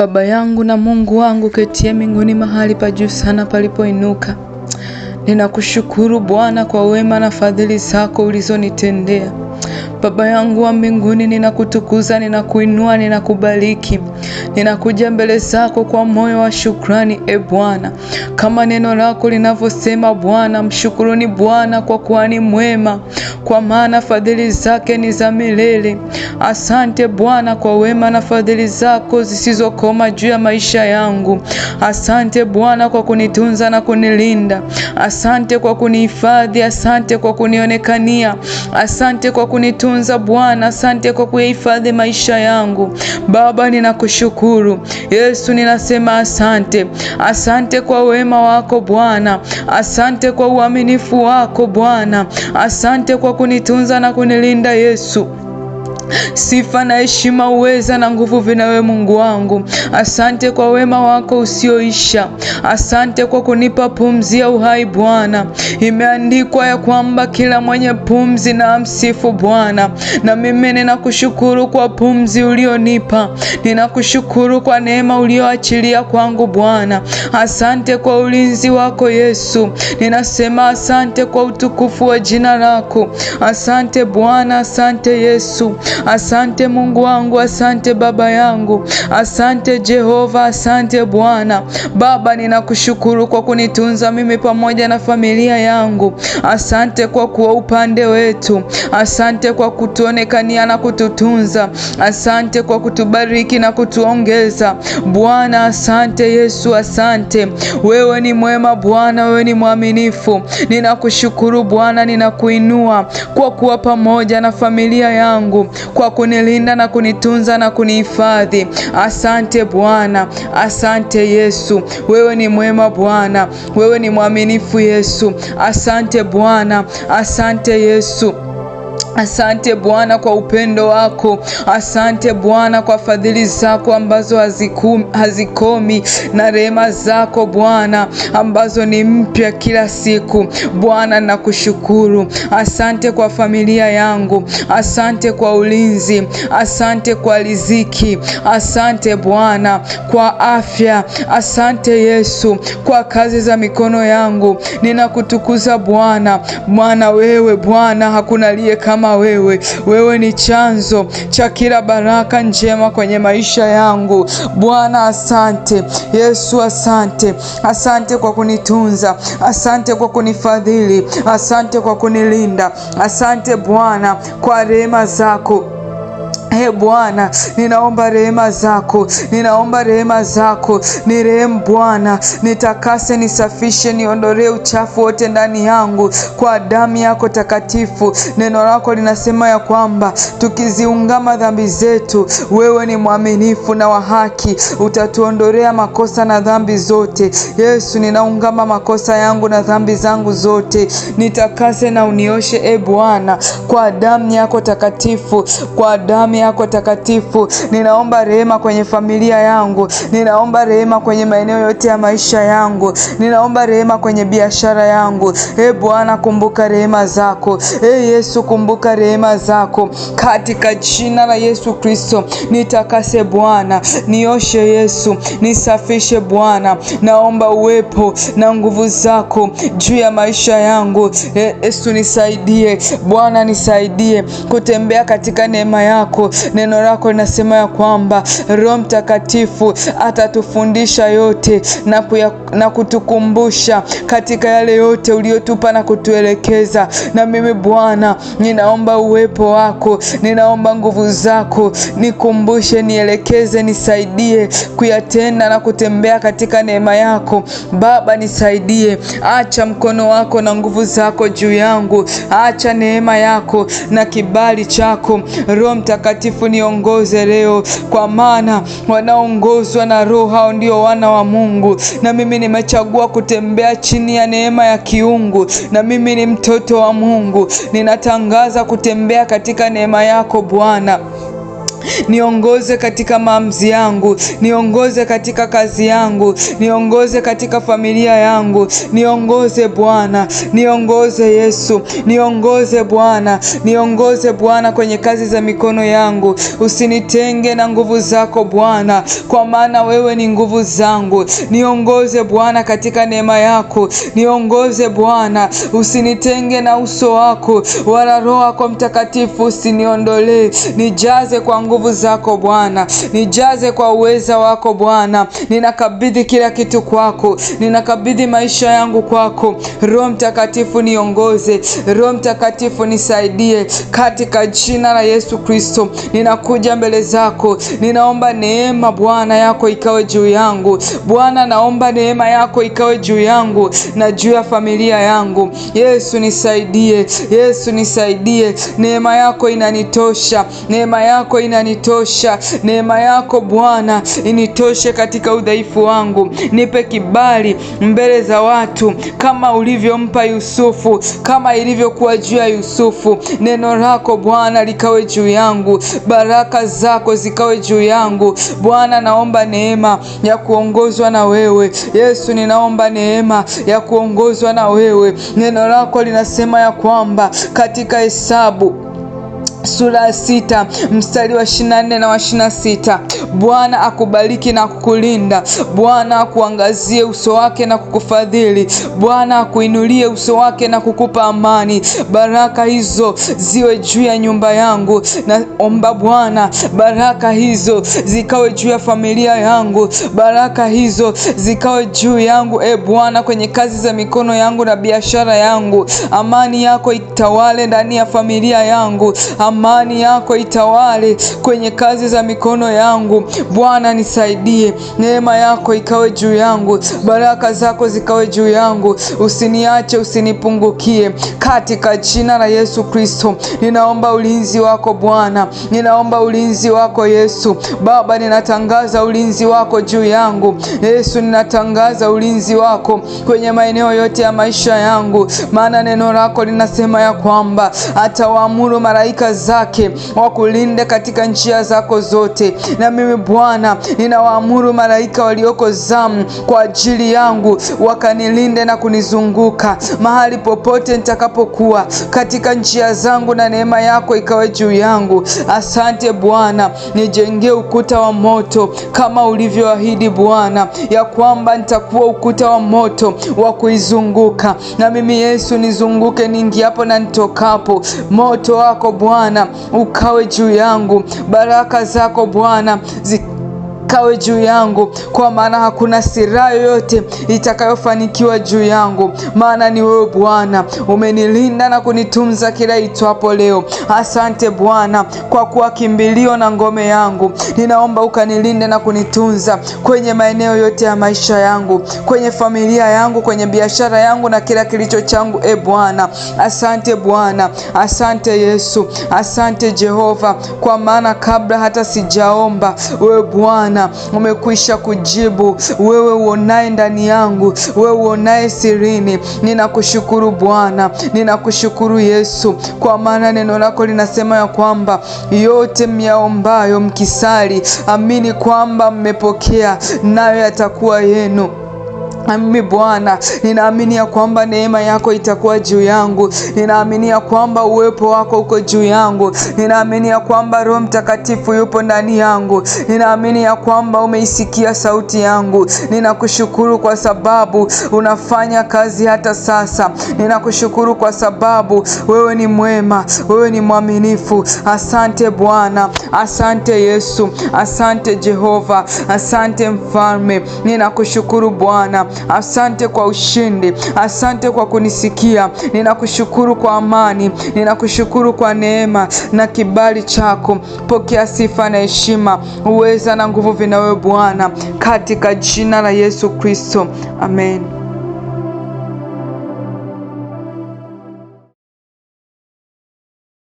Baba yangu na Mungu wangu ketie mbinguni mahali pa juu sana palipoinuka. Ninakushukuru Bwana kwa wema na fadhili zako ulizonitendea. Baba yangu wa mbinguni, ninakutukuza, ninakuinua, ninakubariki, ninakuja mbele zako kwa moyo wa shukrani. E Bwana, kama neno lako linavyosema, Bwana mshukuruni Bwana kwa kuwa ni mwema, kwa maana fadhili zake ni za milele. Asante Bwana kwa wema na fadhili zako zisizokoma juu ya maisha yangu. Asante Bwana kwa kunitunza na kunilinda. Asante kwa kunihifadhi. Asante kwa kunionekania. Asante kwa kunitunza Bwana. Asante kwa kuyahifadhi maisha yangu. Baba, ninakushukuru. Yesu, ninasema asante. Asante kwa wema wako Bwana. Asante kwa uaminifu wako Bwana. Asante kwa kunitunza na kunilinda Yesu. Sifa na heshima, uweza na nguvu vinawe Mungu wangu. Asante kwa wema wako usioisha, asante kwa kunipa pumzi ya uhai Bwana. Imeandikwa ya kwamba kila mwenye pumzi na amsifu Bwana, na mimi ninakushukuru kwa pumzi ulionipa, ninakushukuru kwa neema ulioachilia kwangu Bwana. Asante kwa ulinzi wako Yesu, ninasema asante kwa utukufu wa jina lako. Asante Bwana, asante Yesu. Asante Mungu wangu, asante Baba yangu, asante Jehova, asante Bwana. Baba, ninakushukuru kwa kunitunza mimi pamoja na familia yangu. Asante kwa kuwa upande wetu, asante kwa kutuonekania na kututunza, asante kwa kutubariki na kutuongeza. Bwana asante, Yesu asante. Wewe ni mwema Bwana, wewe ni mwaminifu. Ninakushukuru Bwana, ninakuinua kwa kuwa pamoja na familia yangu kwa kunilinda na kunitunza na kunihifadhi. Asante Bwana, asante Yesu, wewe ni mwema Bwana, wewe ni mwaminifu Yesu. Asante Bwana, asante Yesu. Asante Bwana kwa upendo wako, asante Bwana kwa fadhili zako ambazo hazikomi na rehema zako Bwana ambazo ni mpya kila siku. Bwana nakushukuru, asante kwa familia yangu, asante kwa ulinzi, asante kwa riziki, asante Bwana kwa afya, asante Yesu kwa kazi za mikono yangu. Ninakutukuza Bwana, Bwana wewe Bwana hakuna aliye kama kama wewe. Wewe ni chanzo cha kila baraka njema kwenye maisha yangu. Bwana asante Yesu, asante, asante kwa kunitunza, asante kwa kunifadhili, asante kwa kunilinda, asante Bwana kwa rehema zako. E Bwana, ninaomba rehema zako, ninaomba rehema zako, ni rehemu Bwana, nitakase, nisafishe, niondolee uchafu wote ndani yangu kwa damu yako takatifu. Neno lako linasema ya kwamba tukiziungama dhambi zetu, wewe ni mwaminifu na wa haki, utatuondolea makosa na dhambi zote. Yesu, ninaungama makosa yangu na dhambi zangu zote, nitakase na unioshe, e Bwana, kwa damu yako takatifu, kwa damu damu yako takatifu. Ninaomba rehema kwenye familia yangu, ninaomba rehema kwenye maeneo yote ya maisha yangu, ninaomba rehema kwenye biashara yangu. E Bwana, kumbuka rehema zako. E Yesu, kumbuka rehema zako katika jina la Yesu Kristo. Nitakase Bwana, nioshe Yesu, nisafishe Bwana. Naomba uwepo na nguvu zako juu ya maisha yangu. E Yesu, nisaidie Bwana, nisaidie kutembea katika neema yako lako. Neno lako linasema ya kwamba Roho Mtakatifu atatufundisha yote na, kuya, na kutukumbusha katika yale yote uliyotupa na kutuelekeza. Na mimi Bwana, ninaomba uwepo wako, ninaomba nguvu zako, nikumbushe, nielekeze, nisaidie kuyatenda na kutembea katika neema yako. Baba, nisaidie, acha mkono wako na nguvu zako juu yangu, acha neema yako na kibali chako Roho Mtakatifu niongoze leo, kwa maana wanaongozwa na Roho hao ndio wana wa Mungu. Na mimi nimechagua kutembea chini ya neema ya kiungu, na mimi ni mtoto wa Mungu. Ninatangaza kutembea katika neema yako Bwana. Niongoze katika maamuzi yangu, niongoze katika kazi yangu, niongoze katika familia yangu, niongoze Bwana, niongoze Yesu, niongoze Bwana, niongoze Bwana kwenye kazi za mikono yangu. Usinitenge na nguvu zako Bwana, kwa maana wewe ni nguvu zangu. Niongoze Bwana katika neema yako, niongoze Bwana, usinitenge na uso wako, wala Roho wako Mtakatifu usiniondolee, nijaze kwa nguvu zako Bwana, nijaze kwa uweza wako Bwana. Ninakabidhi kila kitu kwako, ninakabidhi maisha yangu kwako. Roho Mtakatifu niongoze, Roho Mtakatifu nisaidie, katika jina la Yesu Kristo. Ninakuja mbele zako, ninaomba neema Bwana yako ikawe juu yangu Bwana, naomba neema yako ikawe juu yangu na juu ya familia yangu. Yesu nisaidie, Yesu nisaidie, neema yako inanitosha, neema yako ina inanitosha. Neema yako Bwana initoshe katika udhaifu wangu, nipe kibali mbele za watu kama ulivyompa Yusufu, kama ilivyokuwa juu ya Yusufu. Neno lako Bwana likawe juu yangu, baraka zako zikawe juu yangu. Bwana, naomba neema ya kuongozwa na wewe. Yesu, ninaomba neema ya kuongozwa na wewe. Neno lako linasema ya kwamba katika Hesabu sura ya sita mstari wa ishirini na nne na wa ishirini sita Bwana akubariki na kukulinda. Bwana akuangazie uso wake na kukufadhili. Bwana akuinulie uso wake na kukupa amani. Baraka hizo ziwe juu ya nyumba yangu, naomba Bwana baraka hizo zikawe juu ya familia yangu, baraka hizo zikawe juu yangu, e Bwana, kwenye kazi za mikono yangu na biashara yangu. Amani yako itawale ndani ya familia yangu. Amani amani yako itawale kwenye kazi za mikono yangu. Bwana nisaidie, neema yako ikawe juu yangu, baraka zako zikawe juu yangu, usiniache, usinipungukie, katika jina la Yesu Kristo. Ninaomba ulinzi wako Bwana, ninaomba ulinzi wako Yesu. Baba, ninatangaza ulinzi wako juu yangu Yesu, ninatangaza ulinzi wako kwenye maeneo yote ya maisha yangu, maana neno lako linasema ya kwamba atawaamuru malaika zake wakulinde katika njia zako zote. Na mimi Bwana, ninawaamuru malaika walioko zamu kwa ajili yangu wakanilinde na kunizunguka mahali popote nitakapokuwa, katika njia zangu, na neema yako ikawe juu yangu. Asante Bwana, nijengee ukuta wa moto kama ulivyoahidi Bwana, ya kwamba nitakuwa ukuta wa moto wa kuizunguka. Na mimi Yesu, nizunguke niingiapo na nitokapo, moto wako Bwana Bwana ukawe juu yangu, baraka zako Bwana likawe juu yangu, kwa maana hakuna silaha yoyote itakayofanikiwa juu yangu, maana ni wewe Bwana umenilinda na kunitunza kila itwapo leo. Asante Bwana kwa kuwa kimbilio na ngome yangu, ninaomba ukanilinde na kunitunza kwenye maeneo yote ya maisha yangu, kwenye familia yangu, kwenye biashara yangu na kila kilicho changu. E Bwana, asante Bwana, asante Yesu, asante Jehova, kwa maana kabla hata sijaomba wewe Bwana Bwana umekwisha kujibu. Wewe uonaye ndani yangu, wewe uonaye sirini, ninakushukuru Bwana, ninakushukuru Yesu, kwa maana neno lako linasema ya kwamba yote myaombayo mkisali, amini kwamba mmepokea, nayo yatakuwa yenu. Mimi Bwana, ninaamini ya kwamba neema yako itakuwa juu yangu, ninaamini ya kwamba uwepo wako uko juu yangu, ninaamini ya kwamba Roho Mtakatifu yupo ndani yangu, ninaamini ya kwamba umeisikia sauti yangu. Ninakushukuru kwa sababu unafanya kazi hata sasa, ninakushukuru kwa sababu wewe ni mwema, wewe ni mwaminifu. Asante Bwana, asante Yesu, asante Jehova, asante Mfalme, ninakushukuru Bwana. Asante kwa ushindi, asante kwa kunisikia. Ninakushukuru kwa amani, ninakushukuru kwa neema na kibali chako. Pokea sifa na heshima, uweza na nguvu vinawe Bwana, katika jina la Yesu Kristo, amen.